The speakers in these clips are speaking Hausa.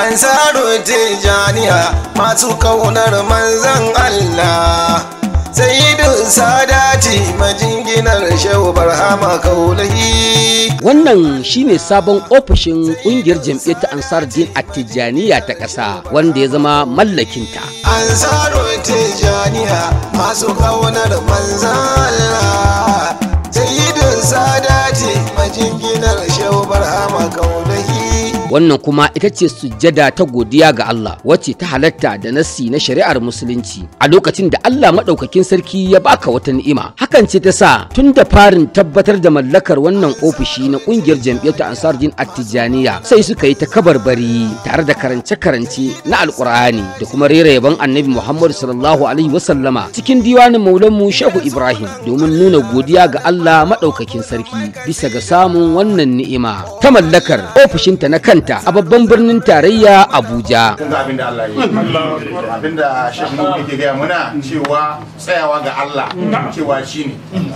an saro tijaniya masu kaunar manzan Allah sayidun sadati majinginar shehu barhama kaulahi wannan shine sabon ofishin kungiyar jam'iyyar ta ansar din Atijaniya ta ƙasa wanda ya zama mallakinta ansaro tijaniya masu kaunar manzan Allah sayidun sadati majinginar shehu barhama kaulahi wannan kuma ita ce sujjada ta godiya ga Allah wacce ta halatta da nassi na shari'ar musulunci a lokacin da Allah maɗaukakin sarki ya baka wata ni'ima hakan ce ta sa tun da farin tabbatar da mallakar wannan ofishi na ƙungiyar jam'iyyar ansar din attijaniya sai suka yi ta kabarbari tare da karance-karance na alƙur'ani da kuma rera yaban annabi muhammad sallallahu alaihi wasallama cikin diwanin maulanmu shehu ibrahim domin nuna godiya ga Allah maɗaukakin sarki bisa ga samun wannan ni'ima ta mallakar ofishinta na kanta kanta a babban birnin tarayya Abuja. Abinda shekaru ke gaya muna cewa tsayawa ga Allah cewa shi ne.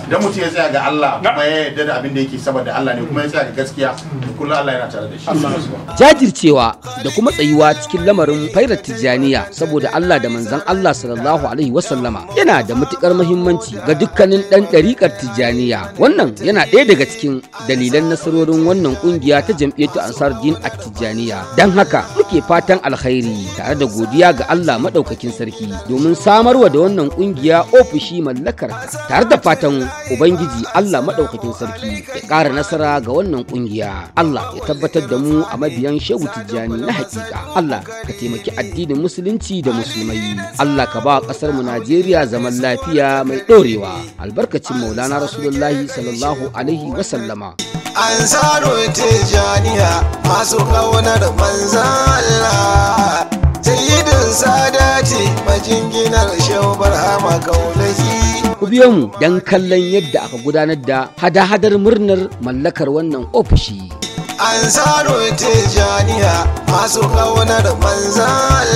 Idan mutum ya tsaya ga Allah kuma ya yarda da abinda da yake saboda Allah ne kuma ya tsaya ga gaskiya kullum Allah yana tare da shi. Jajircewa da kuma tsayuwa cikin lamarin fairar tijjaniya saboda Allah da manzan Allah sallallahu alaihi wasallama yana da matukar muhimmanci ga dukkanin dan dariƙar tijjaniya. Wannan yana ɗaya daga cikin dalilan nasarorin wannan kungiya ta jam'iyyar Ansar Din a tijjaniya don haka muke fatan alkhairi tare da godiya ga allah maɗaukakin sarki domin samarwa da wannan ƙungiya ofishi mallakar tare da fatan ubangiji allah maɗaukakin sarki ya ƙara nasara ga wannan ƙungiya allah ya tabbatar da mu a mabiyan shehu tijjani na hakika allah ka taimaki addinin musulunci da musulmai allah ka ba ƙasar mu najeriya zaman lafiya mai ɗorewa albarkacin maulana rasulullahi sallallahu alaihi wasallama an saro janiya masu kaunar manzan Allah sadati majinginar shehu barhama kaulahi ku biyo mu don kallon yadda aka gudanar da hada-hadar murnar mallakar wannan ofishi an saro janiya masu kaunar manzan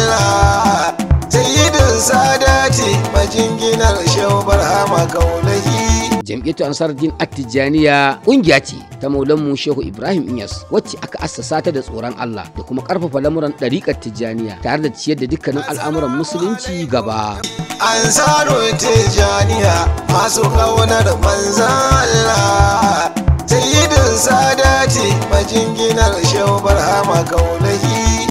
Allah sadati majinginar shehu barhama kaulahi jam'iyyatu ansardin attijaniya ƙungiya ce ta maulanmu shehu ibrahim inyas wacce aka assasa ta da tsoron allah da kuma karfafa lamuran ɗariƙar tijjaniya tare da ciyar da dukkanin al'amuran musulunci gaba ansaro tijjaniya masu ƙaunar manzan allah sayyidin sadati majinginar shehu barhama kaunahi